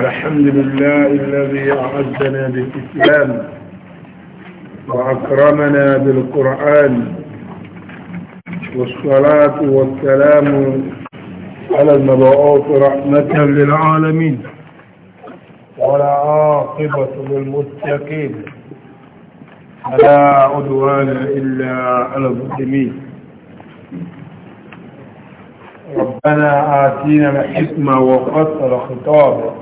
الحمد لله الذي أعزنا بالإسلام وأكرمنا بالقرآن والصلاة والسلام على المبعوث رحمة للعالمين ولا عاقبة للمتقين فلا عدوان إلا على المسلمين ربنا آتينا الحكمة وفصل خطابك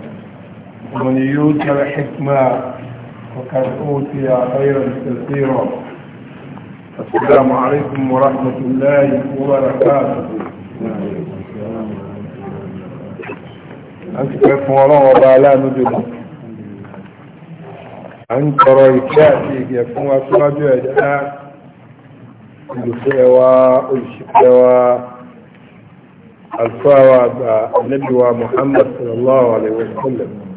من يوتى الحكمة وقد أوتي خيرا كثيرا السلام عليكم ورحمة الله وبركاته أنت كيف والله وبعلا نجد أنت رأيكاتي كيف هو أسواجه أجهاء الخيوى الشكوى الفاوى النبي محمد صلى الله عليه وسلم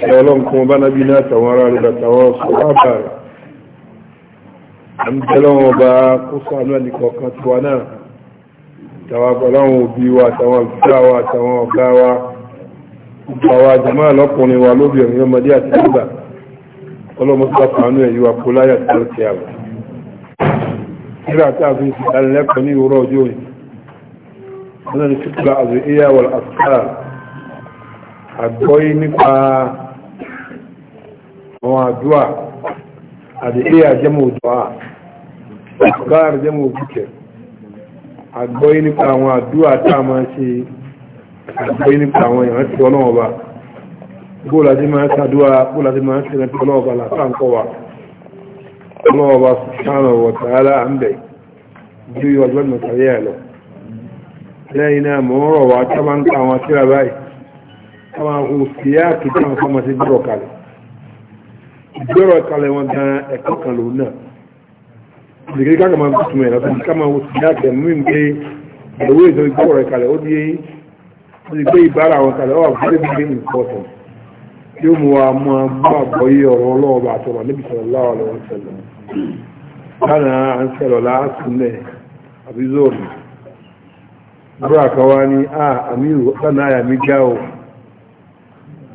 ẹ̀wọ̀n kún bá nábi náà tàwọn ará rẹ̀ tàwọn sọ́pàá rẹ̀ àmìtẹ́lọ́wọ̀n bá kó sánú ẹnìkọ̀ kan tí wà náà tàwọn pẹ̀láwọn òbí wa tàwọn àgbà wa tàwọn ọ̀gá wa àwọn àjàmá lọ́kùnrin wa lóbìnrin ọmọdé àti nígbà ọlọ́mọsá fàánú ẹ̀yí wa kó láyà tí ó ti àwọ̀ nígbà tá a fi ìdánilẹ́kọ̀ọ́ ní ìwúrọ̀ ọjọ́ òní wọn ni fífúra àzọ ìyá wọ̀l àgbọ́yé àwọn àdúà àdìyà jẹ́mọ̀ òdùà àgbáàrù jẹ́mọ̀ òbúkẹ̀ àgbọ́yé nípa àwọn àdúà tá a máa ṣe àgbọ́yé nípa àwọn èèyàn ti ọlọ́wọ́ bá bóòlù àti máa ń ṣàdúà bóòlù àti máa ń ṣe rántí ọlọ́wọ́ bá látàǹkọ́ wa ọlọ́wọ́ bá wa ta'ala à ń bẹ̀ ju ìwà gbọ́dọ̀ mọ̀tàlẹ́ ẹ̀ lọ lẹ́yìn náà mọ̀ ń rọ̀ wá tábà ìgbéró kalẹ̀ wọn gan ẹ̀kọ́ kan lòun náà ìdíkẹ́ ká kàmá tó túnmọ̀ ẹ̀rọ fún kámá wo ti dákẹ́ mú mi pé ìwé ìdó ìgbó rẹ̀ kalẹ̀ ó di ó di pé ìbára àwọn kalẹ̀ ó wà fún ẹbí gbé nǹkan ọ̀tọ̀ tí ó mú wa mú a gbọ́ àgbọ̀ yí ọ̀rọ̀ ọlọ́ọ̀bà àtọ̀rọ̀ níbi sọ̀rọ̀ láwà lọ́wọ́ sẹ̀lẹ̀ ń sẹ̀rọ̀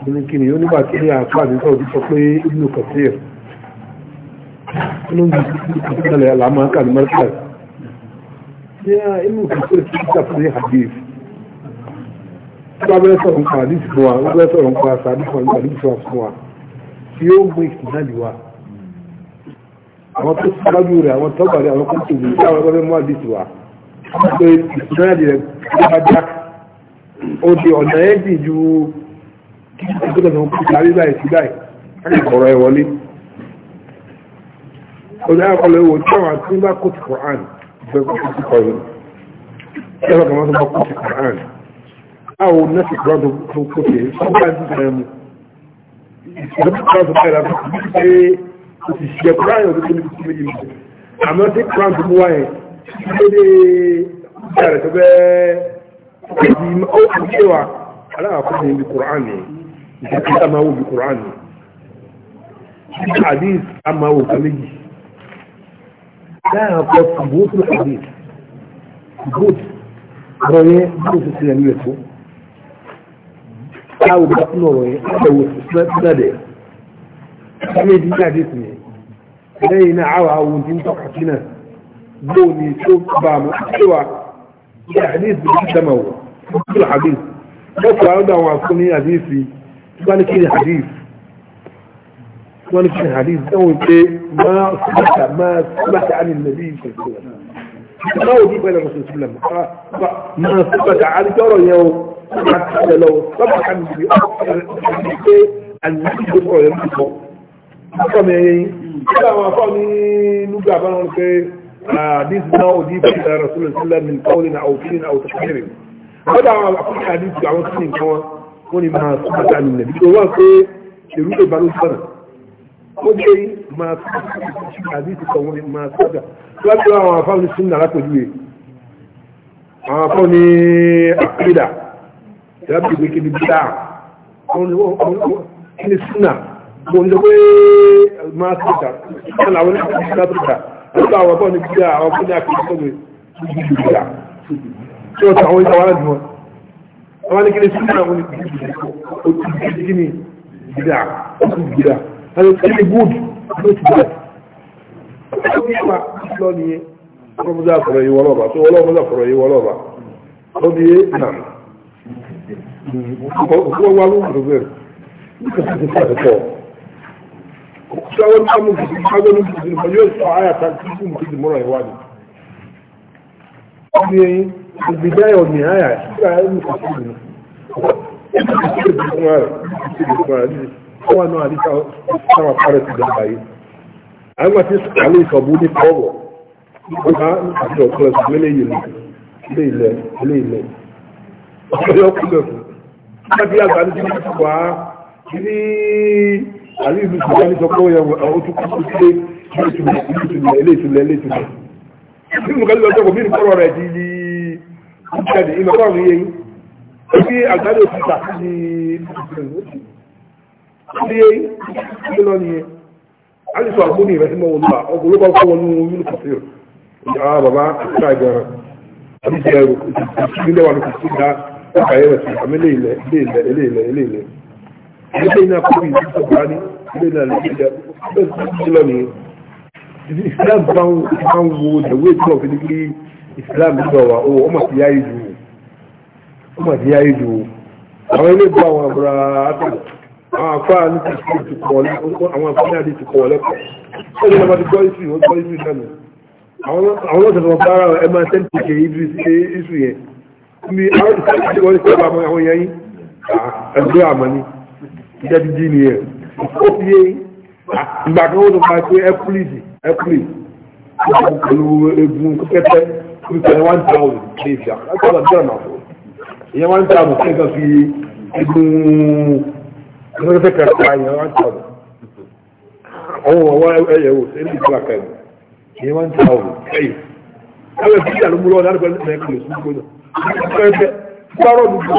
oníkìní ó nígbà tí àpá àdúgbò ọdún sọ pé inú kọtíẹ̀ inú ìpínlẹ̀ alamaka ní mẹ́ta ní inú kọtíẹ̀ tí ó sàfihàn hadith tí wọ́n bẹ́ẹ̀ sọ̀rọ̀ nípa hadith fún wa wọ́n bẹ́ẹ̀ sọ̀rọ̀ nípa sàdí fún wa hadith fún wa tí ó mú ìkìnnàlì wa àwọn tó sáájú rẹ̀ àwọn tọ́gbà rẹ̀ àwọn kọ́ńtò rẹ̀ tí àwọn ọgbẹ́ mú hadith wa pé ìkìnnàlì rẹ̀ ó bá já ó di ọ̀nà ẹ́ kí ní ìgbésẹ̀ tó ń kú sáré báyìí sí báyìí láti kọ̀rọ̀ ẹ wọlé ọjọ́ àkọlẹ̀ wo tí àwọn àti bá kó ti Quran bẹ́ẹ̀ kó ti kọ̀ yìí ṣé ẹ̀rọ kan máa kó ti Quran àwọn nọ́ọ̀sì kúrọ̀ tó kó ti sọ́kà ń tẹ̀ mu ìṣẹ́lẹ̀ kúrọ̀ tó bẹ̀rẹ̀ láti fi ṣe òṣìṣẹ́ Quran yóò tó ní kí méjì mú àmọ́ tí Quran tó mú wáyé ṣíṣe ìṣẹ́lẹ̀ tó bẹ́ẹ̀ ó kì í wa aláwọ̀ kó ti ní Quran yìí ìkàkí àmà wò bí kùránì hadith àmà wò kàméjì dáhà kọ tùbótù hadith tùbótù ọ̀rọ̀ yẹn bí o ti sílẹ̀ nílẹ̀ tó táwọn bá tún ọ̀rọ̀ yẹn ọ̀rọ̀ wò sí sílẹ̀ dẹ̀ ẹgbẹ́ ìdí ní hadith yẹn lẹ́yìn náà àwọn àwọn ohun tí ń tọ́ka náà bóun ni tó bá a mọ̀ ṣéwà ní hadith bí o ti dàmà wò tùbótù hadith àwọn àwọn àfúnni hadith قال كده حديث قال كده حديث ده إيه؟ ما سمعت ما سمعت عن النبي صلى الله عليه وسلم ما هو جيب إلى الرسول صلى الله عليه وسلم ما ثبت على جرى يوم حتى لو صبحا بأخر حديثة أن يجب رأي المسوء إيه؟ فمعين إلا ما فعني نجع بنا ونقى حديث ما هو جيب إلى الرسول صلى الله عليه وسلم من قولنا أو فين أو تحريرين هذا أقول حديث جعوان سنين كمان wọ́n ni máa sọ́kà kálù nẹ̀ nígbà wọ́n pé èrú lè balùwẹ̀ sọ̀nà ó dé máa sọ́kà àbí ti kọ̀ wọ́n ni máa sọ́kà láti wá àwọn afáwọn ní súnmọ́ alápòjú yẹ àwọn afáwọn ní àpèdà ìrábì ìwé kí ni bí dáa kí ni súnà mo ní pé máa sọ́kà súnà làwọn ní àpèdà nígbà àwọn afáwọn ní bí dáa àwọn afáwọn ní àpèdà sọ́kà àwọn ní kí ni súnmọ́ àwọn òtún kí ni gidà òtún gidà àwọn kí ni good ló ti bá ọdún yìí wà lọ nìyẹn ọlọ́mọdé àfọ̀rọ̀ yìí wọlọ́ọ̀bà tó ọlọ́mọdé àfọ̀rọ̀ yìí wọlọ́ọ̀bà ọdún yìí nà wọ́n wá lóhùn tó bẹ̀rẹ̀ ní kàtà ti fà tẹ̀tọ̀ sáwọn náà mú kìtì sáwọn náà mú kìtì mọ̀ yóò sọ àyàtà kí fún kìtì mọ́ra ìwádìí ọdún yìí البداية والنهاية هو أنه عليك سوى فارس الدبائي أما تسق عليه كبولي فوق وها نحن خلاص من ليلة ليلة ليلة ويقول ما في هذا عندي سوا كذي عليه بسواني سوكو يا أو تقول كذي ليتم ليتم ليتم ليتم ليتم ليتم قال له تقول مين قرر هذه ìjẹ́dì ìmọ̀kọ́rùn yẹ yìí bí àgbàdo òkúta ní ìpínlẹ̀ ìpínlẹ̀ lọ nìyẹn alìsọ àgbóni ìrẹsì mọ́ wọn lọ́wọ́ ọgbọ̀n ló bá fọ́ wọn ní orílẹ̀ kòtò ìjọ àwọn bàbá àti àgbẹ̀rẹ̀ àti ẹrù ìpínlẹ̀ wà lókè síga ọkà ẹrẹ sí àmì ilé ilẹ̀ ilé ilẹ̀ ilé ilẹ̀ ilé ilẹ̀ ilé iná kọ́bí ìdíjọ bá ní ilé iná ilẹ̀ ilẹ̀ ilẹ̀ ilẹ̀ islam nígbà wa ó ọmọ ti yáyé ju ọmọ ti yáyé ju àwọn ilé gbọ́ àwọn àbúrò àtàn àwọn afáà ní ti sùn ti kọ̀ lẹ́kọ̀ọ́ àwọn afáà náà ti kọ̀ lẹ́kọ̀ọ́ ó ní ọmọ ti gbọ́ isu yìí ó gbọ́ isu náà nù àwọn ọ̀sẹ̀ tó bá ara ẹ máa tẹ́ ti ṣe isu yẹn mi àwọn ìsọ̀rọ̀ ti wọ́n ti sọ̀rọ̀ àwọn àwọn yẹn yìí ah, ẹgbẹ́ àmọ́ ni ìjẹ́ ti dín ni yẹn ó fi yé ah, ìgbà kan ó tó máa pé ẹ púlìsì ẹ púlìsì pẹ̀lú egun kẹ́kẹ́ nítorí one thousand lè fi àkọ́kọ́ àti ọ̀nà àbò ìyẹn one thousand fún ẹ̀ka fi egun ẹgbẹ́ kẹta ìyẹn one thousand ọ̀hún ọ̀wọ́ ẹ̀yẹ wò ẹ̀rí ìtura kẹrin ìyẹn one thousand ẹ̀yìn ẹ̀rọ ìfúnjẹ àlùmúlò ọ̀dà àdúgbò ẹ̀ka ẹ̀ka lè fún gbọ́dọ̀ ẹ̀fẹ́ fúlọ́rọ̀ dùdú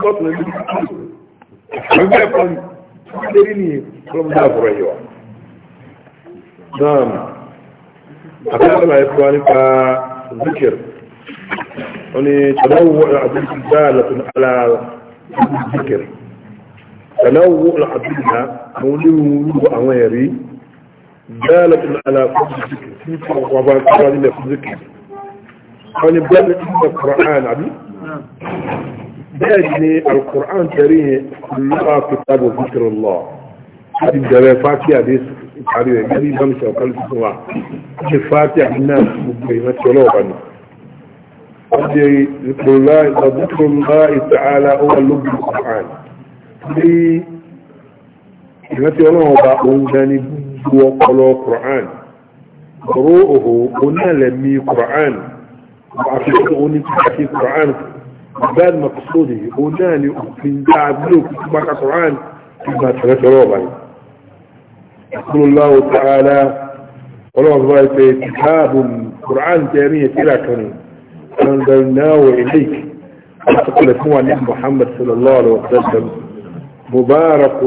gbọ́dọ̀ ẹ̀mí ẹ̀fẹ́ ẹ̀kọ́ ni ẹ̀rí ni ọlọ́mọdé àbúrò ẹ̀yọ. náà àti àlọ́ ذكر يعني تنوع العدل دالة على الذكر تنوع العدلة مولوه أميري دالة على كل ذكر في وبارك الله في ذكر يعني بدل القرآن عبي بأجني القرآن تريه كلها كتاب ذكر الله هذه الجرافات يا ديسك ìparí rẹ̀ gẹ́gẹ́ ìbámu ṣe ọ̀kan lóṣù wa ó ṣe fáti àti náà gbogbo ìran ti ọlọ́ọ̀bá ni. wọ́n ṣe ìpòlá ìtàbùkù ńlá ìtàhálà ó wà lóbi ọ̀hán. bí ìran ti ọlọ́ọ̀bá òun gan ni gbogbo ọpọlọ Quran kọ̀rọ̀ òhò onílẹ̀mí Quran àfikún oníkàkí Quran gbàdùn mọ̀kúsọ́dì onáà ni òfin dáa bí òkú bá ka Quran ìgbà tẹ̀lé tẹ̀lé ọ̀bá yìí. يقول الله تعالى ولو في كتاب القران الكريم كلا كان أنزلناه إليك أعتقد هو نبي محمد صلى الله عليه وسلم مبارك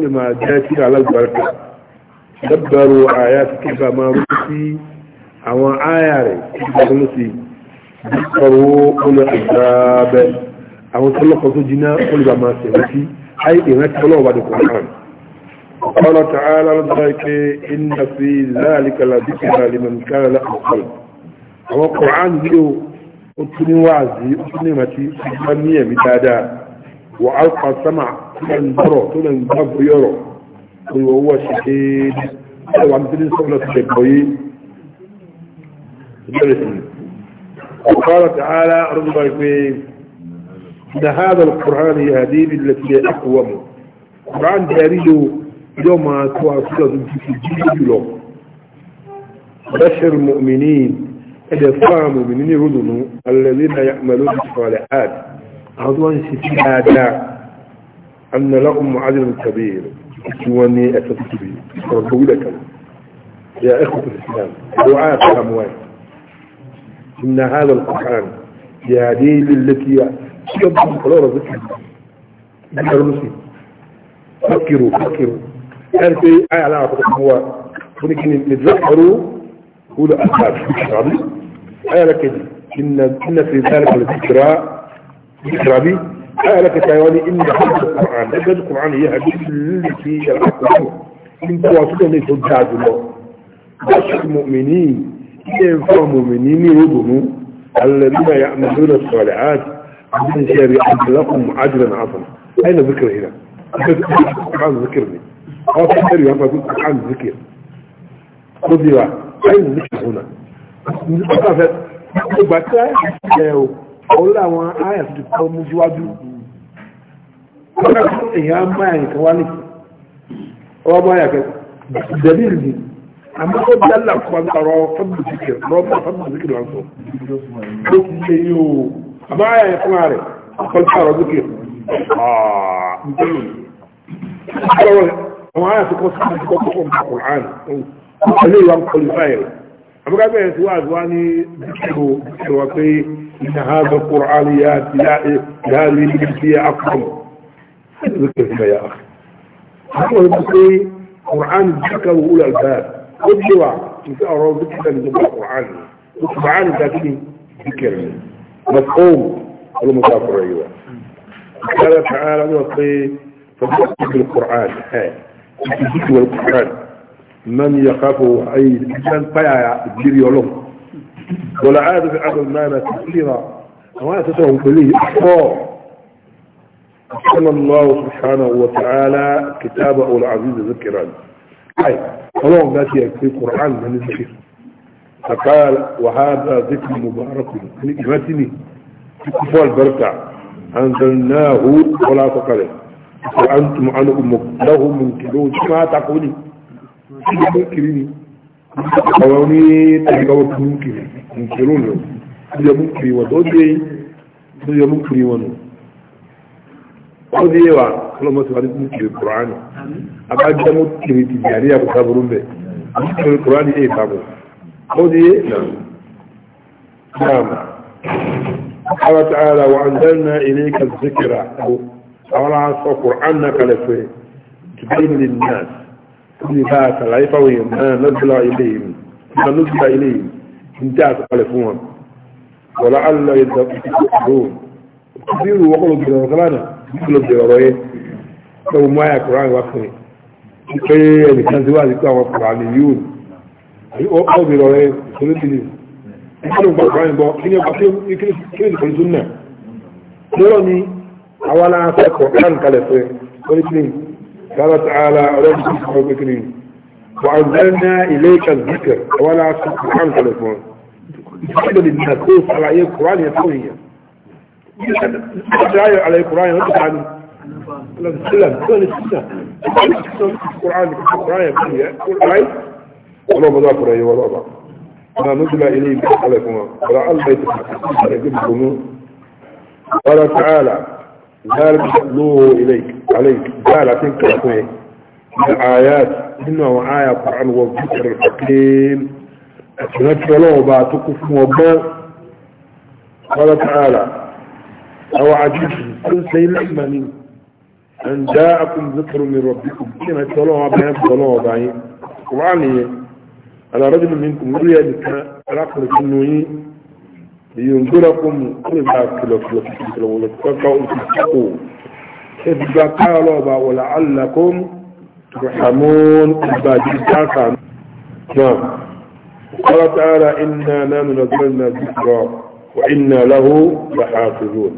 لما جاء على البركة دبروا آيات كيف ما رسي أو آيات كيف ما رسي دبروا أولى الأسباب أو تلقوا جنا أولى ما سيرتي أي إنك تلقوا بعد القرآن وقال تعالى لذلك إن في ذلك لذكرى لمن كان له قلب وقرآن له أتني وعزي أتني متي أتني متادا وألقى سمع برو تنبرو برو يرو وهو شهيد أو عم تلين سولة الشيطان وقال تعالى رضي إن هذا القرآن يهدي بالتي أقوم قرآن يريد yóò máa tó àkúrò tó ti fi jíjí jùlọ bashir mu'minin ẹ̀dẹ̀ fáwọn mu'minin ní rúdùnú alẹ́lẹ́ na yàmàlú ti fọ́lẹ̀ ad àwọn tó wọ́n sì ti dáadáa annala umu adil kabir ti wọ́n ní ẹ̀tọ́ tó tóbi sọ̀rọ̀ tó wúlẹ̀ kan ya ẹ̀kọ́ tó islam du'a ta amuwa inna hada al-qur'an yadi lillati ya kiyar da kwalora zuki da karnusi fakiru fakiru أرفي آية آه، على عقد هو ولكن نتذكروا أولى أسباب آية لك إن إن في ذلك الذكرى ذكرى بي آية لك تايواني إن حفظ القرآن لقد القرآن هي حديث التي يلحق الشوء إن تواصلهم يتجاج الله بشر المؤمنين ينفع المؤمنين يدنوا الذين يعملون الصالحات من شر لهم أجرا عظما أين ذكر هنا؟ القرآن ذكرني أو تحتاج يقول عن الذكر خذ يا عين الذكر هنا gbogbo àti ẹ o ọlọ àwọn àyà tó ti kọ́ mú síwájú kọ́nà èèyàn máa nìkan wá nìkan ọwọ́ máa yà kẹ́kọ̀ọ́ dẹ̀bí ìlú àmọ́ ó bí alá kọ́ ń parọ́ o àmọ́ àyà yẹ fún وعافك وصحبك وقفهم القرآن وقليل وقل الخير أبقى بيه سواد واني ذكروا ذكروا في إن هذا القرآن يا تلائي هذه الجنسية أقرم ذكر يا أخي هو بقي قرآن ذكروا أولى الباب قد جوا إن سأروا ذكرا لذب القرآن وقفعان ذاكي ذكر مفهوم المتابر أيها قال تعالى وقي فبقي بالقرآن هاي من يخافه أي من طيع الدير يولوم ولا عاد في عدد ما كثيرا وما تتهم إليه أخطار أحسن الله سبحانه وتعالى كتابه العزيز ذكرا أي فلو ناتي في القرآن من الذكر فقال وهذا ذكر مبارك من في كفال بركة أنزلناه ولا تقلل وأنتم عن أمك له منكرون ما تقولي منكرين قواني تلقوا منكرين منكرون لهم هذا منكري ودودي هذا منكري نعم. ونو ودي وا كل ما سمعت منكري القرآن أبا جمو تلقي تجاري أبو صبرون بي منكري القرآن إيه بابو ودي نعم نعم قال تعالى وأنزلنا إليك الذكر أولا سوى قرآن نقل فيه تبين للناس كل ذات العفوهم ما نزل إليهم ما نزل إليهم انتهت قلفهم ولعل يتذكرون كثيروا وقلوا بلا وقلانا يقولوا بلا رأيه لو ما يا قرآن وقلوا pé ẹnìkan tí wà ní pé àwọn fàràní yóò ní ọ́bí lọ rẹ̀ solidity ìpínlẹ̀ ìgbàgbà ìbọn kí ní ọgbà kí ní ìpínlẹ̀ ìpínlẹ̀ ìpínlẹ̀ أولا سيكون كان كالسي قل اثنين قال تعالى أولاك سيكون بكرين وأنزلنا إليك الذكر أولا سيكون كان كالسي يجب أن نقص على أي قرآن يتوهي يجب أن على أي قرآن يتوهي السلام السلام السلام يقول القرآن يقول القرآن يقول القرآن ولا مذاكرة ولا ضع ما نزل إليه بحق عليكم ولا ألبيت ولا تعالى قال له إليك عليك قال عتنك أخوي الآيات إنه آية قرآن والذكر الحكيم أتنكر له بعتكف وبا قال تعالى أو عجبتم كل سيل أمني أن جاءكم ذكر من ربكم كما تلوها بيان تلوها بعين قرآن على رجل منكم يريد أن أقرأ لينذركم كل ما كلو كلو كلو ولتقوا وتتقوا ولعلكم ترحمون عباد نعم قال تعالى إنا نحن نزلنا الذكر وإنا له لحافظون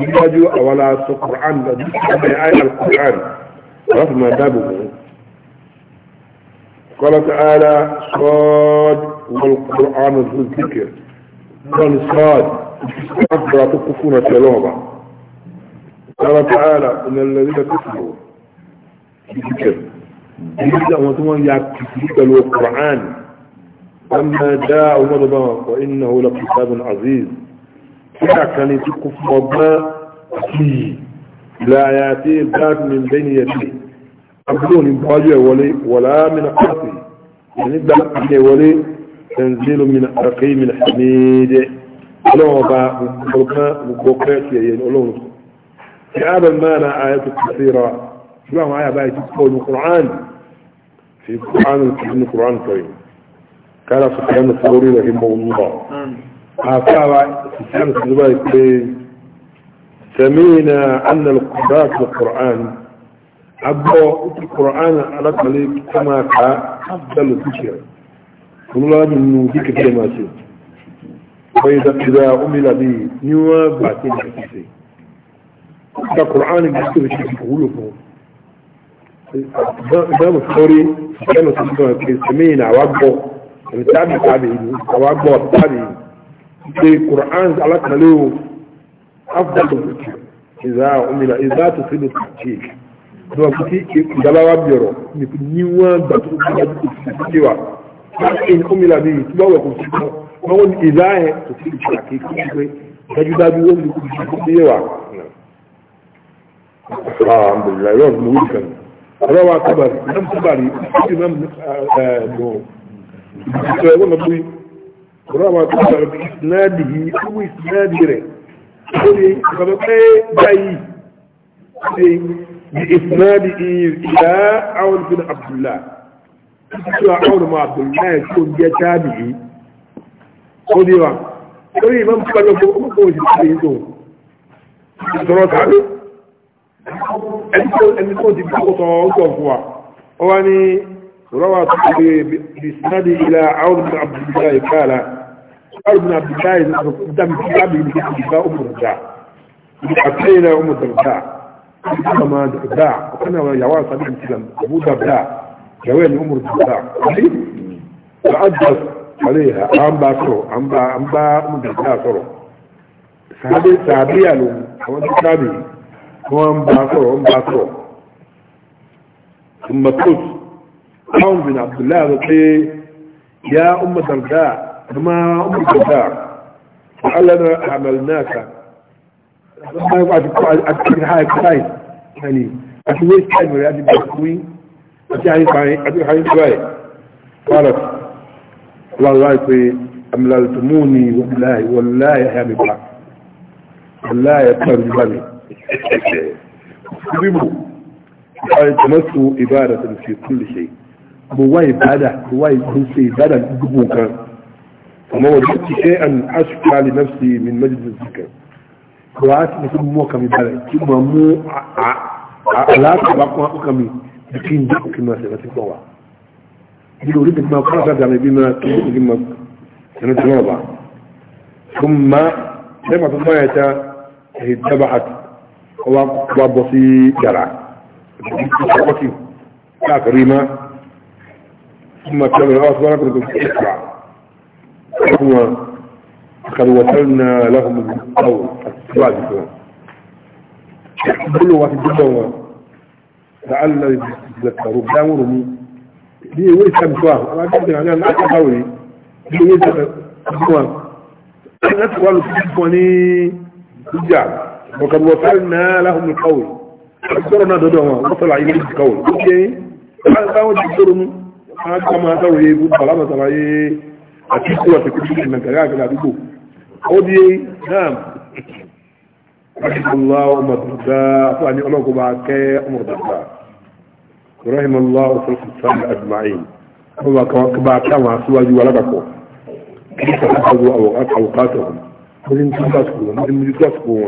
يجوا ولا القرآن آية القرآن رغم دبه قال تعالى صاد والقرآن ذو الذكر والإصرار أكبر تكفون سلوما قال تعالى إن الذين كفروا بذكر بذكر وثم يكفرك القرآن أما جاء مرضى فإنه لكتاب عزيز كان تكف مرضى فيه لا يأتي ذات من بين يديه أبدون بواجه ولي ولا من قرطه يعني ذات من ولي تنزيل من الرقيم الحميد الله با بقنا بقوكات يا الله في هذا المعنى آيات كثيرة اللهم آية بقى تقول القرآن في القرآن في القرآن الكريم قال سفيان الثوري رحمه الله أفعل آه، سفيان الثوري سمينا أن القرآن في القرآن أبو القرآن على كما كأفضل الذكر olúwa nínú díkì tí ẹ máa ṣe wọ́n yíta ti ra omílà bí ní wọ́n gbà tí ó ti ṣe ta kùránì bí tó ṣe ti wúlò fún ìdáàbò sọ́rí ìdáàbò sọ́rí ìdáàbò sọ́rí ìsẹ̀mí ìnà àwa gbọ́ ẹ̀mí tábì tábì ìlú àwa gbọ́ tábì ṣe kùránì alákàlẹ́ o afdal fiti ìzá omílà ìzá tó fi lè tàkì ìjọba fiti ìjọba wa bìọ̀rọ̀ ní wọ́n gbà tó ti ṣe wa láti omílà bíi ìtúbọ̀wẹ̀ kò sí kan wọ́n wọ́n ìlà ẹ̀ kò sí ìṣẹ̀lá kékeré pé dájúdájú wọ́n lè kó ìṣẹ̀lá tó yẹ wà. alhamdulilayi yọ̀ọ́ mi wúlò kan ọ̀rọ̀ wa kábàrí ìdáhùn kábàrí ìdáhùn náà mọ̀ ìṣẹ̀lá ẹ̀wọ̀n náà bóyí ọ̀rọ̀ wa kábàrí ìsinádì yìí owó ìsinádì rẹ̀ ó lè ìfọ̀dọ̀ pé báyìí ṣe ìsinádì àwọn ìfọ̀dọ̀ abdullahi cewa aure ma abdullahi ko ya tabi'i ko dai ba ko ne ban fara ko kuma ko shi da yin zo zoro tabi en ko en ko di ko to ko kuwa o wani rawa tabi bi sanadi ila aure ma abdullahi kala aure ma abdullahi dam tabi bi ba umur da أتينا أم الدرداء أما الدرداء وكان يواصل الإسلام أبو الدرداء جوين عمر الدرداء تعدد عليها عم باكرو عم با عم با عم باكره صحابي صحابي قالوا هو صحابي هو عم باكرو عم باكرو ثم تقول قوم بن عبد الله رضي يا أم الدرداء ما أم الدرداء فعلنا عملناك ما يبقى أكثر حاجة كتاين يعني أكثر حاجة كفاية àti àyíká báyìí qalat wallahi pé amlaltumuni wallahi wallahi àyàmì bá wallahi pẹ̀lú bá mi bíbù ìtàmọ́sù ìbára tó fi kulli shay mo wá ìbáda mo wá ìgbésẹ̀ ìbáda gbogbo nǹkan ọmọ wọ́n ti ṣe an ashqa li nafsi min majlis zikr wàá ti fi mú ọkàn mi balẹ̀ kí mo mú àlàáfíà bá kún ọkàn mi لكن ده كما سبت الضوء يقول لك ما قرأت هذا يعني بما بما سنتنوضع ثم لما تضيعت هي اتبعت وابصي جرع وابصي كريمة ثم كان الأرض ورقم تسرع ثم قد وصلنا لهم القول السبع بكم كل واحد جدا لعل يذكرون داورهم ليه ويسام سواه أنا أقول لك أنا أقول تحاولي ليه ويسام سواه أنا أتقول سبحانه الجعب وقد وصلنا لهم القول أكثرنا ضدهم وصل إليه القول أوكي أنا أقول لكم أنا كما أتوه يقول بلا ما ترى أتكلم في كل شيء من كلامك لا تقول أودي نعم رحم الله عمر الدرداء وأن يؤمنكم معك عمر الدرداء رحم الله وصلح الصالح أجمعين هو كما كما سواجي ولدكم كيف تأخذوا أوقاتهم وإن تنتسكوا وإن مجتسكوا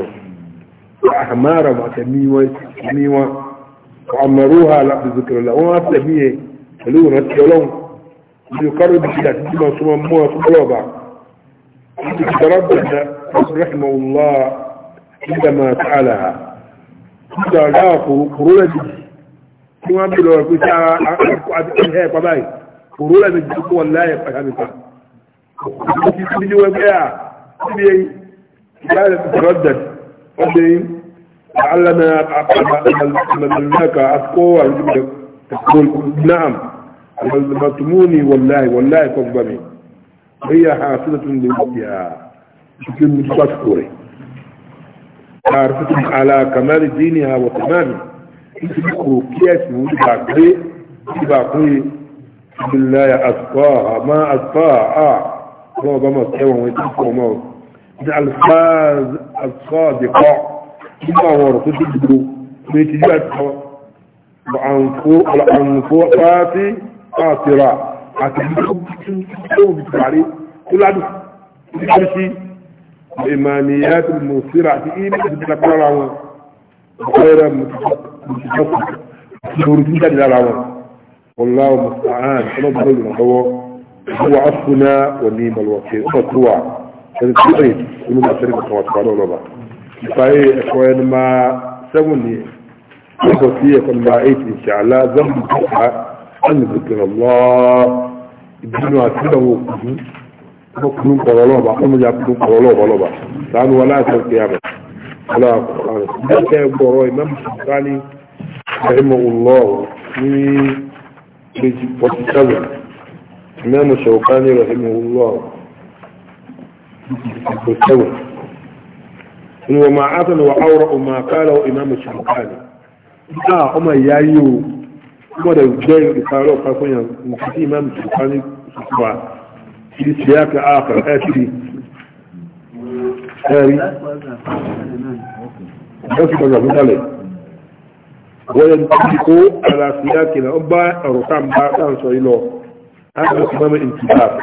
وأحمارا وأتميوا وأتميوا وعمروها لا بذكر الله وما أتميه فلو نتكلم ليقرب إلى تجمع سمى موى سمى لوبا رحمه الله عندما فعلها قال لا قرولة كما ثم أبدو لو أتكلم قبائي قرولة من جنك والله يفهمك في سبيل وقع سبيل لا تتردد قدرين لعلنا عملناك أسقوة تقول نعم عملتموني والله والله تقبلي هي حاصلة لوقتها شكل مستشكري عارفتهم على كمال دينها وتمامه انتبهوا كيس ويبع كري يبع كري بالله أصفاها ما أصفاها الله بما أصفاها وما موت إذا الفاز الصادقة هو رسول تجدوا ويتجات وعنفوقات قاطرة أتجدوا بتعريف كل عدو بتعريف الإيمانيات المثيرة في إيمان بالقرآن غير متفق مردود للعوام والله المستعان ربنا يرحمه هو عفونا ونعم الوكيل هو كان كويس من أسرع الخواطر الله فأي أخوان ما سوني وصية ما عيت إن شاء الله ذنب أن ذكر الله ابن عسله حكم قرلوبة حكم جابكم قرلوبة لوبة لأن ولا تلقيامة ولا قرآن ذلك يبقى إمام الشيطاني رحمه الله من وتسلم إمام الشوقاني رحمه الله وتسلم وما عطن وعورة ما قاله إمام الشوقاني لا أما يايو أما لو جاي إسرائيل وقال فنيا مفتي إمام الشوقاني سبحانه في سياق آخر آتي آري يصف الله عليه وينطبق على سياق الأبا الرسام بارتان سويلو هذا الإمام الانتباه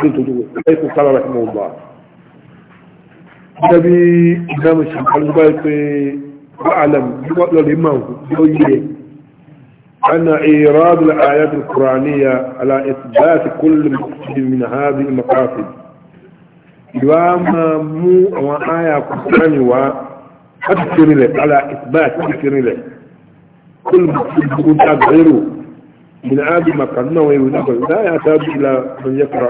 كيف قال رحمه الله نبي إمام الشمال بارك وأعلم يقول الإمام يقول أن إيراد الآيات القرآنية على إثبات كل مقصد من هذه المقاصد يوام مو وآية قرآنية و أكثر على إثبات أكثر كل مقصد يكون غيره من هذه المقاصد ويقول لا يحتاج إلى من يقرأ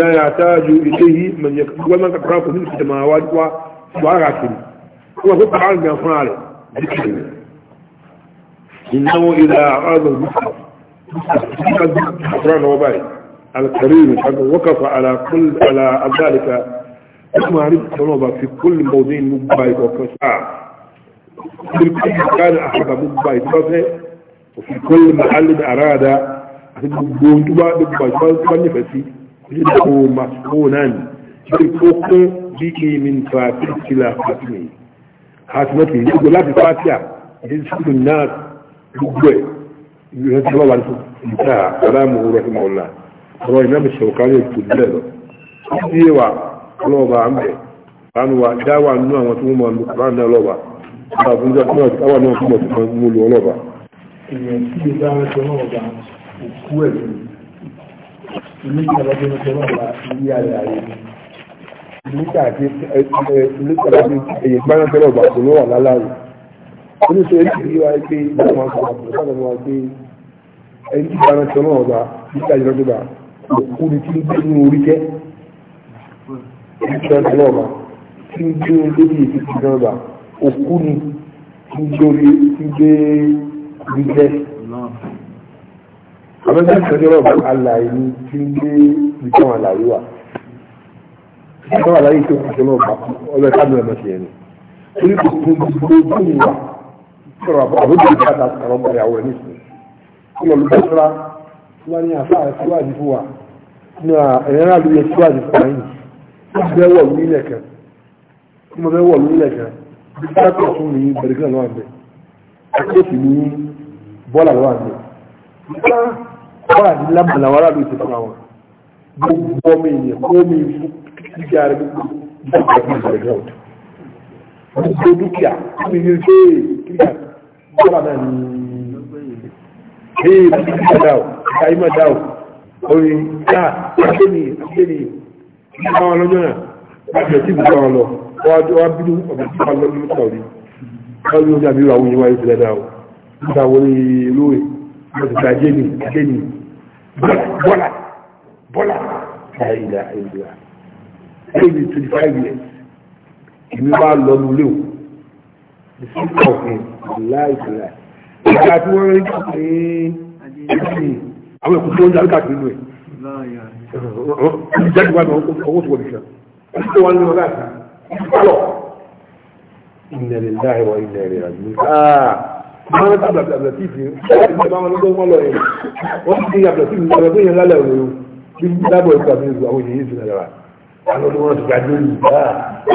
لا يحتاج إليه من يقرأ ومن يقرأ في السماوات هو هو تعالى من ذكر إنه إذا أعاد المصحف حسران وباي الكريم وقف على كل على ذلك ثم عرفت نوبة في كل موضع مبايت وكساع في كل كان أحد مبايد وفي كل محل أراد مبايد مبايد ونفسي يدعو مسكونا بالفوق به من فاتح إلى فاتمه حاتمته يقول لا بفاتحة يسكن الناس gbogbo ẹ̀ ìrẹsì tí wọ́n wà nípa ìta aláàmù rẹ̀ ìmọ̀ ọ̀la ọ̀rọ̀ ìnáàmù ṣèwọ̀kárí ètò ìbílẹ̀ lọ. títí yé wa ọlọ́ọ̀bà ń bẹ̀ láàánú wa dá wà nínú àwọn tí wọ́n mọ̀ ní kùrán náà lọ́ba ọ̀la fún jẹ́ kúmọ̀ táwọn náà kúmọ̀ tí wọ́n mú lu ọlọ́ba. ìrẹsì ìgbà oníṣẹ́ ẹni tí wáyé pé ìjọba ọ̀sán ọ̀sán wáyé pé ẹni tí ìjọba ọ̀sán náà ọba nígbà ìjọba tó bá òkú ni tí ń gbé nínú orí jẹ́ ìjọba ọ̀sán ọba tí ń gbé lórí ètò ìjọba ọba òkú ni tí ń gbé orí tí ń gbé orí jẹ́ àmọ́tí ìjọba ọba alàyè ni tí ń gbé ìjọba alàyè wà ìjọba alàyè tó kù ìjọba ọba ọlọ́ọ̀ká mi ọmọ sọ̀rọ̀ àbújá ìgbàdà sọ̀rọ̀ ọmọ ìyàwó ẹ̀ nísìnyí kí lọ lùbọ́ sọ́ra tí wọ́n ní àfáà síwájú fún wa ní ẹ̀yẹ́ náà lóye síwájú fún wa yìí wọ́n bẹ́ wọ̀ lórí lẹ̀kẹ́ wọ́n bẹ́ wọ̀ lórí lẹ̀kẹ́ bí sáàtọ̀ fún mi bẹ̀rẹ̀gẹ́ lọ́wọ́ àgbẹ̀ àkókò ní bọ́ọ̀là lọ́wọ́ àgbẹ̀ nípa bọ́ọ̀là ní lábàlá wọn aráàlú ti fún àwọn gbogbo ọmọ ènìyàn kó mi fún kíkẹ́ ara gbogbo ìgbà ìgbà ìgbà ìgbà ìgbà kọ́lá náà ní ee bí i dáwò káyí máa dáwò orin náà akéèní akéèní bí i báwọn lọ́jọ́ náà wọ́n bẹ̀rẹ̀ sí ìbùkún àwọn lọ wọ́n bínú ọ̀bẹ̀ tí wọ́n lọ́jọ́ náà rí wọ́n ní oúnjẹ àbí ìràwọ̀ yìí wáyé sílẹ̀ dáwò nígbà wọlé lóòrè wọ́n ti 25 years èmi wá lọ́nu léwu ìfúnpọ̀ òfin láìpìlà ìgbà tí wọ́n rí pé àwọn èkó tó ń darí káàkiri nù ẹ̀ jáde wà ní owó tó wọlé sàn ó wà nínú ọ̀la àti ìpalọ̀ ìnẹ̀lẹ̀ láìwọ̀ ìnẹ̀lẹ̀ àgbẹ̀ máa ń ta àbẹ̀tìfì ìgbà máa ń lọ́wọ́ lọ yẹn wọ́n ti àbẹ̀tìfì ìgbà pé yẹn lálẹ́ òun ní lábọ̀ ìgbà mi àwọn ènìyàn ìsìn àwọn olówó ti gbàdúrà ìgbà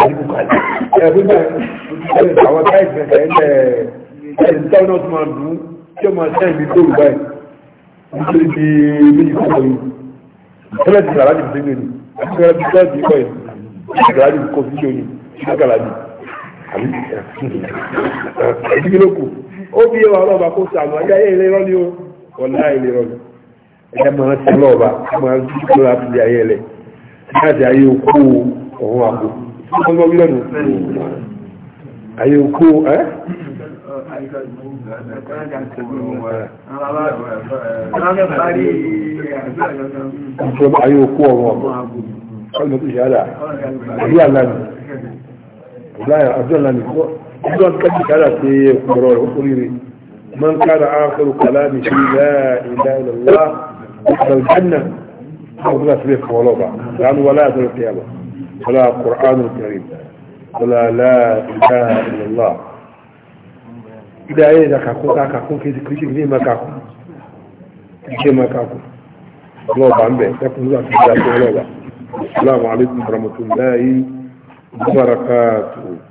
àdìbùkàdì ẹgbẹ́ bẹ́ẹ̀ àwọn táìsì ẹ̀ka ẹ̀lẹ́ ẹ̀ẹ́dì táwọn náà tún máa dùn tí ó máa sẹ́yìn tó rù báyìí nítorí bí méjì tó kọ yìí tẹ́lẹ̀ ti gbàlá dìbò sílẹ̀ ni àti gbàlá dìbò sílẹ̀ ti kọ yìí ti gbàlá dìbò kọ sílẹ̀ ni ti gbàlá dìbò àbí ìdíkì ló kù ó bí ewa ọlọ́ọ̀bà kó sàmù ayé láti ayé okó ọ̀hún àpò ọmọ wílẹ̀ nù ayé okó ẹ́ ayé okó ọ̀hún àpò ọlọ́mọ tó ṣáàdà àbí àlànà láyà ọjọ́ àlànà kọ́ ọjọ́ kẹ́kẹ́ ṣáàdà sí ọ̀rọ̀ oríire man kára ákọrù kàlámi sí láà ilá ìlọ́lá ìjọba حول أسلف ولوبا لأنه ولا أزل القيامة ولا قرآن الكريم ولا لا إله إلا الله إذا أين كاكو كاكو كي ذكريك ليه ما كاكو ليه ما كاكو لوبا عمبي يقول الله في ذاته ولوبا السلام عليكم ورحمة الله وبركاته